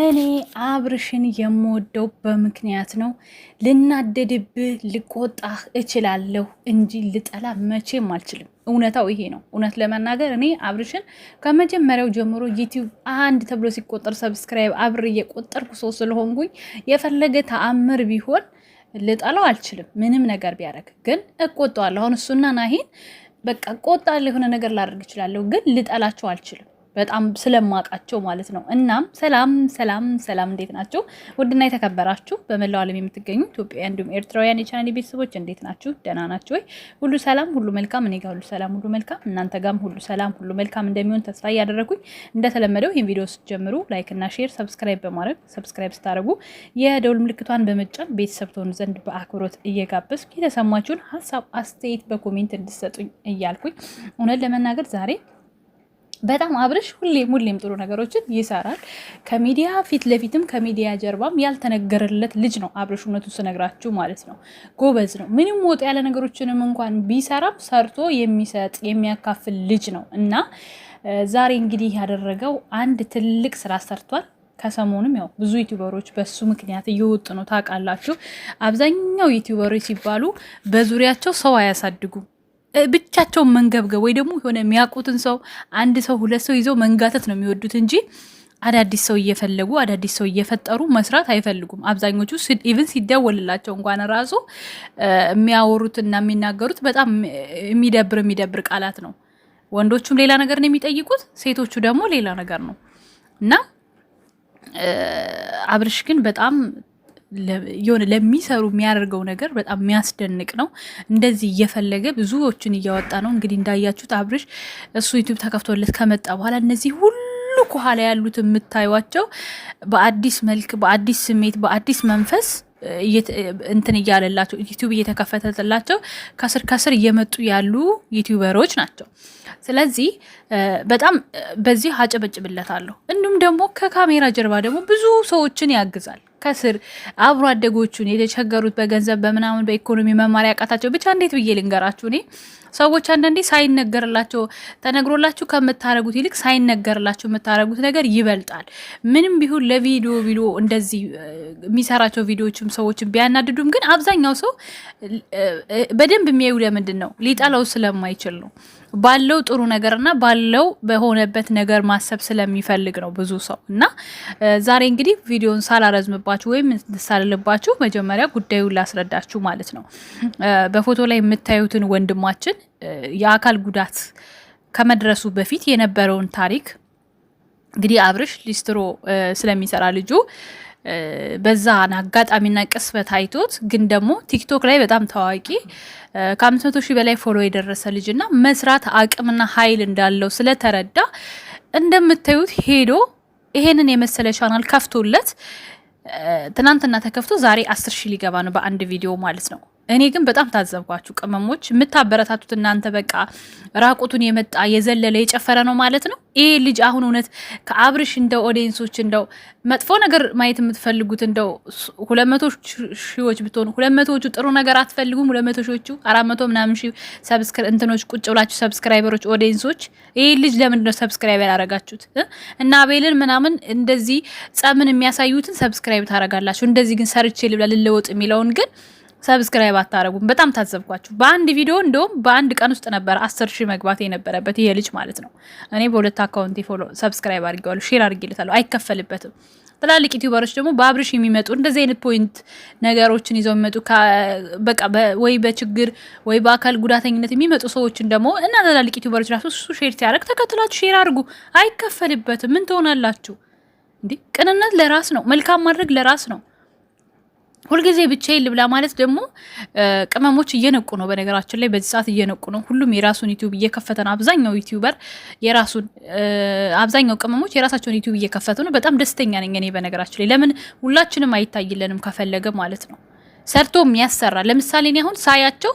እኔ አብርሽን የምወደው በምክንያት ነው። ልናደድብህ ልቆጣህ እችላለሁ እንጂ ልጠላ መቼም አልችልም። እውነታው ይሄ ነው። እውነት ለመናገር እኔ አብርሽን ከመጀመሪያው ጀምሮ ዩቲዩብ አንድ ተብሎ ሲቆጠር ሰብስክራይብ አብር እየቆጠርኩ ሰው ስለሆንኩኝ የፈለገ ተአምር ቢሆን ልጠላው አልችልም። ምንም ነገር ቢያደርግ ግን እቆጣዋለሁ። አሁን እሱና ናሂን በቃ ቆጣ የሆነ ነገር ላደርግ እችላለሁ፣ ግን ልጠላቸው አልችልም። በጣም ስለማውቃቸው ማለት ነው። እናም ሰላም ሰላም ሰላም፣ እንዴት ናችሁ? ውድና የተከበራችሁ በመላው ዓለም የምትገኙ ኢትዮጵያውያን እንዲሁም ኤርትራውያን የቻናል ቤተሰቦች እንዴት ናችሁ? ደህና ናችሁ ወይ? ሁሉ ሰላም፣ ሁሉ መልካም። እኔ ጋር ሁሉ ሰላም፣ ሁሉ መልካም። እናንተ ጋም ሁሉ ሰላም፣ ሁሉ መልካም እንደሚሆን ተስፋ እያደረኩኝ እንደተለመደው ይህን ቪዲዮ ስትጀምሩ ላይክና ሼር፣ ሰብስክራይብ በማድረግ ሰብስክራይብ ስታደርጉ የደውል ምልክቷን በመጫን ቤተሰብ ትሆኑ ዘንድ በአክብሮት እየጋበዝኩ የተሰማችሁን ሀሳብ አስተያየት በኮሜንት እንድሰጡኝ እያልኩኝ እውነት ለመናገር ዛሬ በጣም አብርሽ ሁሌም ሁሌም ጥሩ ነገሮችን ይሰራል። ከሚዲያ ፊት ለፊትም ከሚዲያ ጀርባም ያልተነገረለት ልጅ ነው አብርሽ። እውነቱ ስነግራችሁ ማለት ነው ጎበዝ ነው። ምንም ወጥ ያለ ነገሮችንም እንኳን ቢሰራም ሰርቶ የሚሰጥ የሚያካፍል ልጅ ነው እና ዛሬ እንግዲህ ያደረገው አንድ ትልቅ ስራ ሰርቷል። ከሰሞኑም ያው ብዙ ዩቲዩበሮች በሱ ምክንያት እየወጡ ነው ታውቃላችሁ። አብዛኛው ዩቲዩበሮች ሲባሉ በዙሪያቸው ሰው አያሳድጉም ብቻቸውን መንገብገብ ወይ ደግሞ የሆነ የሚያውቁትን ሰው አንድ ሰው ሁለት ሰው ይዘው መንጋተት ነው የሚወዱት እንጂ አዳዲስ ሰው እየፈለጉ አዳዲስ ሰው እየፈጠሩ መስራት አይፈልጉም። አብዛኞቹ ኢቭን ሲደወልላቸው እንኳን ራሱ የሚያወሩትና የሚናገሩት በጣም የሚደብር የሚደብር ቃላት ነው። ወንዶቹም ሌላ ነገር ነው የሚጠይቁት፣ ሴቶቹ ደግሞ ሌላ ነገር ነው እና አብርሽ ግን በጣም የሆነ ለሚሰሩ የሚያደርገው ነገር በጣም የሚያስደንቅ ነው። እንደዚህ እየፈለገ ብዙዎችን እያወጣ ነው። እንግዲህ እንዳያችሁት አብርሽ እሱ ዩቱብ ተከፍቶለት ከመጣ በኋላ እነዚህ ሁሉ ከኋላ ያሉት የምታዩቸው በአዲስ መልክ፣ በአዲስ ስሜት፣ በአዲስ መንፈስ እንትን እያለላቸው ዩቱብ እየተከፈተላቸው ከስር ከስር እየመጡ ያሉ ዩቱበሮች ናቸው። ስለዚህ በጣም በዚህ አጨበጭብለታለሁ። እንዲሁም ደግሞ ከካሜራ ጀርባ ደግሞ ብዙ ሰዎችን ያግዛል። ከስር አብሮ አደጎቹን የተቸገሩት በገንዘብ በምናምን በኢኮኖሚ መማር ያቃታቸው ብቻ እንዴት ብዬ ልንገራችሁ እኔ ሰዎች አንዳንዴ ሳይነገርላቸው ተነግሮላችሁ ከምታረጉት ይልቅ ሳይነገርላቸው የምታረጉት ነገር ይበልጣል። ምንም ቢሆን ለቪዲዮ ቢሎ እንደዚህ የሚሰራቸው ቪዲዮዎችም ሰዎችን ቢያናድዱም፣ ግን አብዛኛው ሰው በደንብ የሚያዩ ለምንድን ነው ሊጠላው ስለማይችል ነው። ባለው ጥሩ ነገርና ባለው በሆነበት ነገር ማሰብ ስለሚፈልግ ነው ብዙ ሰው እና ዛሬ እንግዲህ ቪዲዮን ሳላረዝምባ አለባችሁ ወይም ሳልልባችሁ መጀመሪያ ጉዳዩን ላስረዳችሁ ማለት ነው። በፎቶ ላይ የምታዩትን ወንድማችን የአካል ጉዳት ከመድረሱ በፊት የነበረውን ታሪክ እንግዲህ አብርሽ ሊስትሮ ስለሚሰራ ልጁ በዛን አጋጣሚና ቅስበት አይቶት ግን ደግሞ ቲክቶክ ላይ በጣም ታዋቂ ከአምስት መቶ ሺህ በላይ ፎሎ የደረሰ ልጅና መስራት አቅምና ኃይል እንዳለው ስለተረዳ እንደምታዩት ሄዶ ይሄንን የመሰለ ቻናል ከፍቶለት ትናንትና ተከፍቶ ዛሬ አስር ሺህ ሊገባ ነው በአንድ ቪዲዮ ማለት ነው። እኔ ግን በጣም ታዘብኳችሁ ቅመሞች። የምታበረታቱት እናንተ በቃ ራቁቱን የመጣ የዘለለ የጨፈረ ነው ማለት ነው። ይሄ ልጅ አሁን እውነት ከአብርሽ እንደው ኦዲየንሶች እንደው መጥፎ ነገር ማየት የምትፈልጉት እንደው ሁለት መቶ ሺዎች ብትሆኑ ሁለት መቶዎቹ ጥሩ ነገር አትፈልጉም። ሁለት መቶ ሺዎቹ አራት መቶ ምናምን ሺ እንትኖች ቁጭ ብላችሁ ሰብስክራይበሮች፣ ኦዲየንሶች ይሄ ልጅ ለምንድን ነው ሰብስክራይብ ያላረጋችሁት? እና አቤልን ምናምን እንደዚህ ጸምን የሚያሳዩትን ሰብስክራይብ ታረጋላችሁ። እንደዚህ ግን ሰርቼ ልብላ ልለወጥ የሚለውን ግን ሰብስክራይብ አታረጉም። በጣም ታዘብኳችሁ። በአንድ ቪዲዮ እንደውም በአንድ ቀን ውስጥ ነበር አስር ሺህ መግባት የነበረበት ይሄ ልጅ ማለት ነው። እኔ በሁለት አካውንት ፎሎ ሰብስክራይብ አድርጌዋለሁ፣ ሼር አድርጌለታለሁ። አይከፈልበትም። ትላልቅ ዩቲዩበሮች ደግሞ በአብርሽ የሚመጡ እንደዚህ አይነት ፖይንት ነገሮችን ይዘው የሚመጡ በቃ ወይ በችግር ወይ በአካል ጉዳተኝነት የሚመጡ ሰዎችን ደግሞ እና ትላልቅ ዩቲዩበሮች ራሱ እሱ ሼር ሲያደርግ ተከትላችሁ ሼር አድርጉ። አይከፈልበትም። ምን ትሆናላችሁ እንዴ? ቅንነት ለራስ ነው። መልካም ማድረግ ለራስ ነው። ሁልጊዜ ብቻዬን ልብላ ማለት ደግሞ ቅመሞች እየነቁ ነው። በነገራችን ላይ በዚህ ሰዓት እየነቁ ነው። ሁሉም የራሱን ዩቲዩብ እየከፈተ ነው። አብዛኛው ዩቲዩበር የራሱን አብዛኛው ቅመሞች የራሳቸውን ዩቲዩብ እየከፈቱ ነው። በጣም ደስተኛ ነኝ እኔ በነገራችን ላይ። ለምን ሁላችንም አይታይልንም? ከፈለገ ማለት ነው ሰርቶ የሚያሰራ ለምሳሌ እኔ አሁን ሳያቸው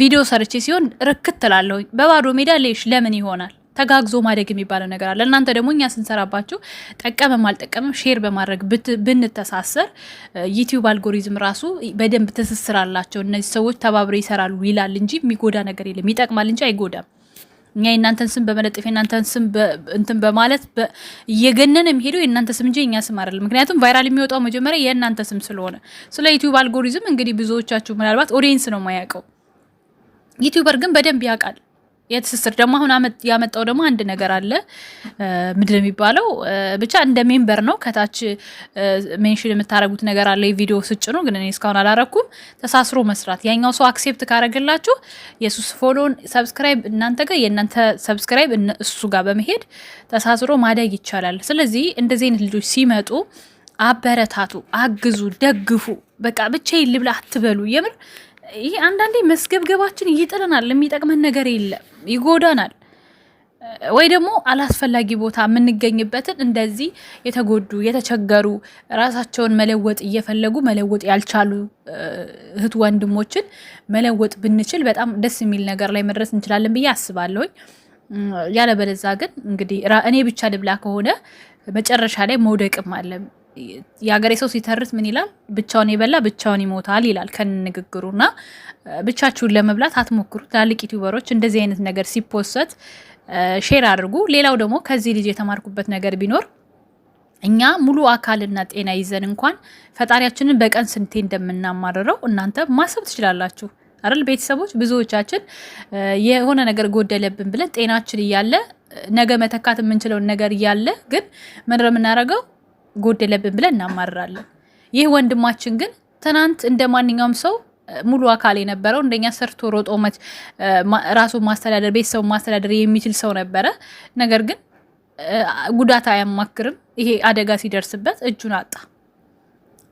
ቪዲዮ ሰርቼ ሲሆን ርክት ትላለሁ። በባዶ ሜዳ ሌሽ ለምን ይሆናል ተጋግዞ ማደግ የሚባለው ነገር አለ። እናንተ ደግሞ እኛ ስንሰራባችሁ ጠቀመም አልጠቀመም ሼር በማድረግ ብንተሳሰር ዩቲዩብ አልጎሪዝም ራሱ በደንብ ትስስራላቸው እነዚህ ሰዎች ተባብረው ይሰራሉ ይላል እንጂ የሚጎዳ ነገር የለም። ይጠቅማል እንጂ አይጎዳም። እኛ የእናንተን ስም በመለጠፍ የእናንተን ስም እንትን በማለት እየገነን የሚሄደው የእናንተ ስም እንጂ የእኛ ስም አይደለም። ምክንያቱም ቫይራል የሚወጣው መጀመሪያ የእናንተ ስም ስለሆነ ስለ ዩቲዩብ አልጎሪዝም እንግዲህ ብዙዎቻችሁ ምናልባት ኦዲየንስ ነው የማያውቀው። ዩቲዩበር ግን በደንብ ያውቃል። የትስስር ደግሞ አሁን ያመጣው ደግሞ አንድ ነገር አለ። ምንድን የሚባለው ብቻ እንደ ሜምበር ነው። ከታች ሜንሽን የምታደረጉት ነገር አለ። የቪዲዮ ስጭ ነው ግን እኔ እስካሁን አላረኩም። ተሳስሮ መስራት ያኛው ሰው አክሴፕት ካረግላችሁ የሱስ ፎሎን ሰብስክራይብ እናንተ ጋር የእናንተ ሰብስክራይብ እሱ ጋር በመሄድ ተሳስሮ ማደግ ይቻላል። ስለዚህ እንደዚህ አይነት ልጆች ሲመጡ አበረታቱ፣ አግዙ፣ ደግፉ። በቃ ብቻ ልብላ አትበሉ የምር ይህ አንዳንዴ መስገብገባችን ይጥለናል፣ የሚጠቅመን ነገር የለም፣ ይጎዳናል። ወይ ደግሞ አላስፈላጊ ቦታ የምንገኝበትን እንደዚህ የተጎዱ የተቸገሩ ራሳቸውን መለወጥ እየፈለጉ መለወጥ ያልቻሉ እህት ወንድሞችን መለወጥ ብንችል በጣም ደስ የሚል ነገር ላይ መድረስ እንችላለን ብዬ አስባለሁኝ። ያለበለዛ ግን እንግዲህ እኔ ብቻ ልብላ ከሆነ መጨረሻ ላይ መውደቅም አለም የሀገሬ ሰው ሲተርት ምን ይላል? ብቻውን የበላ ብቻውን ይሞታል ይላል ከንግግሩ። እና ብቻችሁን ለመብላት አትሞክሩ። ትላልቅ ዩቲዩበሮች እንደዚህ አይነት ነገር ሲፖሰት ሼር አድርጉ። ሌላው ደግሞ ከዚህ ልጅ የተማርኩበት ነገር ቢኖር እኛ ሙሉ አካልና ጤና ይዘን እንኳን ፈጣሪያችንን በቀን ስንቴ እንደምናማርረው እናንተ ማሰብ ትችላላችሁ አረል ቤተሰቦች ብዙዎቻችን የሆነ ነገር ጎደለብን ብለን ጤናችን እያለ ነገ መተካት የምንችለውን ነገር እያለ ግን ምን የምናደርገው ጎደለብን ብለን እናማርራለን። ይህ ወንድማችን ግን ትናንት እንደ ማንኛውም ሰው ሙሉ አካል የነበረው እንደኛ ሰርቶ ሮጦ መት ራሱ ማስተዳደር ቤተሰቡ ማስተዳደር የሚችል ሰው ነበረ። ነገር ግን ጉዳት አያማክርም። ይሄ አደጋ ሲደርስበት እጁን አጣ።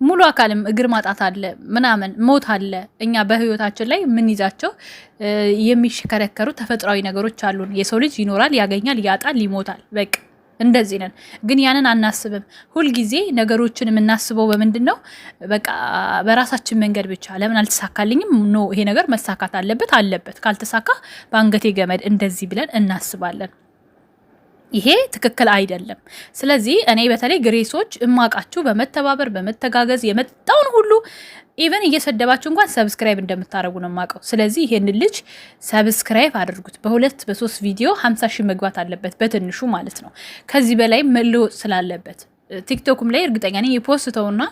ሙሉ አካልም እግር ማጣት አለ፣ ምናምን ሞት አለ። እኛ በህይወታችን ላይ የምንይዛቸው የሚሽከረከሩ ተፈጥሯዊ ነገሮች አሉን። የሰው ልጅ ይኖራል፣ ያገኛል፣ ያጣል፣ ይሞታል። በቃ እንደዚህ ነን። ግን ያንን አናስብም። ሁልጊዜ ነገሮችን የምናስበው በምንድን ነው? በቃ በራሳችን መንገድ ብቻ። ለምን አልተሳካልኝም? ኖ ይሄ ነገር መሳካት አለበት አለበት፣ ካልተሳካ በአንገቴ ገመድ እንደዚህ ብለን እናስባለን። ይሄ ትክክል አይደለም። ስለዚህ እኔ በተለይ ግሬሶች እማቃችሁ በመተባበር በመተጋገዝ የመጣውን ሁሉ ኢቨን እየሰደባችሁ እንኳን ሰብስክራይብ እንደምታደረጉ ነው የማውቀው። ስለዚህ ይሄን ልጅ ሰብስክራይብ አድርጉት። በሁለት በሶስት ቪዲዮ ሀምሳ ሺህ መግባት አለበት በትንሹ ማለት ነው። ከዚህ በላይ መለወጥ ስላለበት ቲክቶክም ላይ እርግጠኛ ነኝ የፖስተውና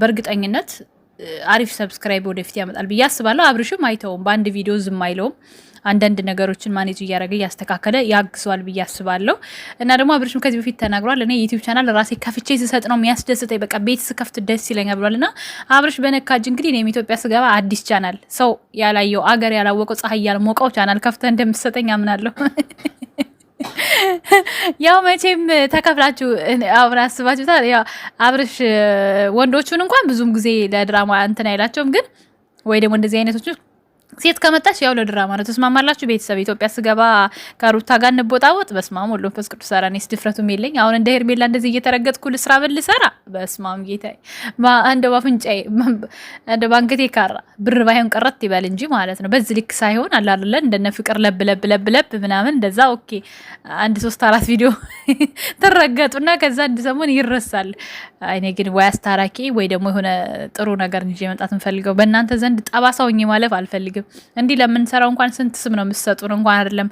በእርግጠኝነት አሪፍ ሰብስክራይብ ወደፊት ያመጣል ብዬ አስባለሁ። አብርሽም አይተውም፣ በአንድ ቪዲዮ ዝም አይለውም። አንዳንድ ነገሮችን ማኔጅ እያደረገ እያስተካከለ ያግዘዋል ብዬ አስባለሁ። እና ደግሞ አብርሽም ከዚህ በፊት ተናግሯል። እኔ ዩቲብ ቻናል ራሴ ከፍቼ ስሰጥ ነው የሚያስደስተኝ፣ በቃ ቤት ስከፍት ደስ ይለኛል ብሏል። እና አብርሽ በነካጅ እንግዲህ እኔም ኢትዮጵያ ስገባ አዲስ ቻናል ሰው ያላየው አገር ያላወቀው ፀሐይ ያልሞቀው ቻናል ከፍተ እንደምትሰጠኝ አምናለሁ። ያው መቼም ተከፍላችሁ አብረ አስባችሁታል። ያው አብርሽ ወንዶቹን እንኳን ብዙም ጊዜ ለድራማ እንትን አይላቸውም፣ ግን ወይ ደግሞ እንደዚህ አይነቶች ሴት ከመጣች ያው ለድራማ ነው። ተስማማላችሁ ቤተሰብ? ኢትዮጵያ ስገባ ከሩታ ጋር እንቦጣወጥ። በስማም ወሎ መንፈስ ቅዱስ ሰራ። እኔስ ድፍረቱም የለኝ። አሁን እንደ ሄርሜላ እንደዚህ እየተረገጥኩ ልስራ ብል ሰራ። በስማም ጌታ እንደ ባፍንጫዬ እንደ ባንገቴ ካራ ብር ባይሆን ቀረት ይበል እንጂ ማለት ነው። በዚህ ልክ ሳይሆን አላለ እንደነ ፍቅር ለብ ለብ ለብ ለብ ምናምን እንደዛ። ኦኬ አንድ ሶስት አራት ቪዲዮ ትረገጡና ከዛ አንድ ሰሞን ይረሳል። እኔ ግን ወይ አስታራቂ ወይ ደግሞ የሆነ ጥሩ ነገር እንጂ መምጣት እንፈልገው። በእናንተ ዘንድ ጠባሳ ማለፍ አልፈልግም። ምግብ እንዲህ ለምንሰራው እንኳን ስንት ስም ነው የምትሰጡን? እንኳን አይደለም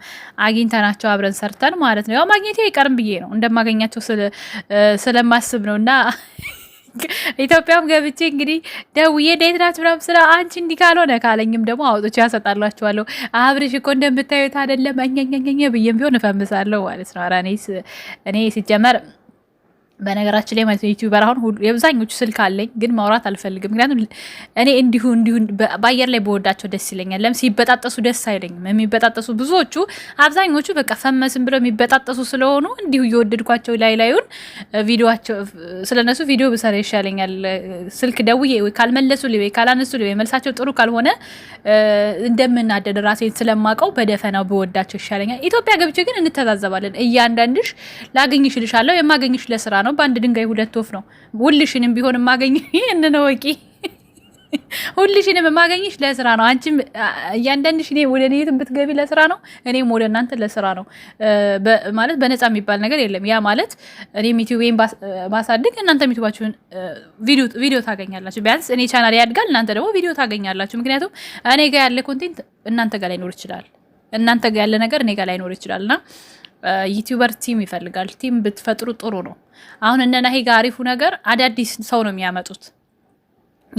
አግኝተናቸው አብረን ሰርተን ማለት ነው። ያው ማግኘቴ አይቀርም ብዬ ነው እንደማገኛቸው ስለማስብ ነው እና ኢትዮጵያም ገብቼ እንግዲህ ደውዬ እንዴት ናችሁ ምናምን ስለ አንቺ እንዲህ ካልሆነ ካለኝም ደግሞ አውጥቼ ያሰጣላችኋለሁ። አብርሽ እኮ እንደምታዩት አይደለም እኛኛኛኛ ብዬም ቢሆን እፈምሳለሁ ማለት ነው። ኧረ እኔ ሲጀመር በነገራችን ላይ ማለት ዩቲዩበር አሁን የብዛኞቹ ስልክ አለኝ፣ ግን ማውራት አልፈልግም። ምክንያቱም እኔ እንዲሁ እንዲሁ በአየር ላይ በወዳቸው ደስ ይለኛል። ለም ሲበጣጠሱ ደስ አይለኝም። የሚበጣጠሱ ብዙዎቹ አብዛኞቹ በቃ ፈመስን ብለው የሚበጣጠሱ ስለሆኑ እንዲሁ እየወደድኳቸው ላይ ላዩን ቪዲዮቸው ስለነሱ ቪዲዮ ብሰራ ይሻለኛል። ስልክ ደውዬ ወይ ካልመለሱ ወይ ካላነሱ ወይ መልሳቸው ጥሩ ካልሆነ እንደምናደድ ራሴን ስለማቀው በደፈናው በወዳቸው ይሻለኛል። ኢትዮጵያ ገብቼ ግን እንተዛዘባለን። እያንዳንድሽ ላገኝሽ ልሻለሁ። የማገኝሽ ለስራ ነው ነው። በአንድ ድንጋይ ሁለት ወፍ ነው። ሁልሽንም ቢሆን የማገኝ ይህን ወቂ ሁልሽንም የማገኝሽ ለስራ ነው። አንቺም እያንዳንድሽ እኔ ወደ እኔ የትም ብትገቢ ለስራ ነው፣ እኔም ወደ እናንተ ለስራ ነው። ማለት በነፃ የሚባል ነገር የለም። ያ ማለት እኔም ዩቲዩቤን ባሳድግ እናንተ ዩቲዩባችሁን ቪዲዮ ታገኛላችሁ። ቢያንስ እኔ ቻናል ያድጋል፣ እናንተ ደግሞ ቪዲዮ ታገኛላችሁ። ምክንያቱም እኔ ጋር ያለ ኮንቴንት እናንተ ጋር ላይኖር ይችላል፣ እናንተ ጋር ያለ ነገር እኔ ጋር ላይኖር ይችላል። እና ዩቲዩበር ቲም ይፈልጋል። ቲም ብትፈጥሩ ጥሩ ነው። አሁን እነ ናሂ ጋር አሪፉ ነገር አዳዲስ ሰው ነው የሚያመጡት።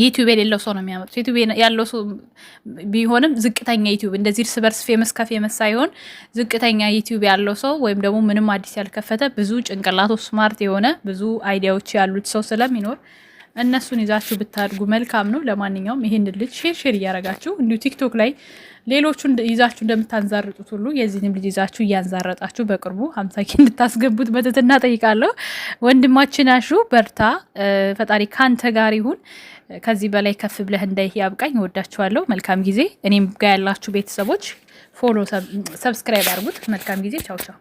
ዩቲዩብ የሌለው ሰው ነው የሚያመጡት። ዩቲዩብ ያለው ሰው ቢሆንም ዝቅተኛ ዩቲዩብ እንደዚህ እርስ በርስ ፌመስ ከፌመስ ሳይሆን ዝቅተኛ ዩቲዩብ ያለው ሰው ወይም ደግሞ ምንም አዲስ ያልከፈተ ብዙ ጭንቅላቱ ስማርት የሆነ ብዙ አይዲያዎች ያሉት ሰው ስለሚኖር እነሱን ይዛችሁ ብታድጉ መልካም ነው። ለማንኛውም ይህን ልጅ ሼር ሼር እያረጋችሁ እንዲሁ ቲክቶክ ላይ ሌሎቹን ይዛችሁ እንደምታንዛርጡት ሁሉ የዚህንም ልጅ ይዛችሁ እያንዛረጣችሁ በቅርቡ ሀምሳ ኪ እንድታስገቡት በትህትና ጠይቃለሁ። ወንድማችን አሹ በርታ፣ ፈጣሪ ካንተ ጋር ይሁን። ከዚህ በላይ ከፍ ብለህ እንዳይህ ያብቃኝ። ወዳችኋለሁ። መልካም ጊዜ። እኔም ጋ ያላችሁ ቤተሰቦች ፎሎ፣ ሰብስክራይብ አድርጉት። መልካም ጊዜ። ቻው ቻው።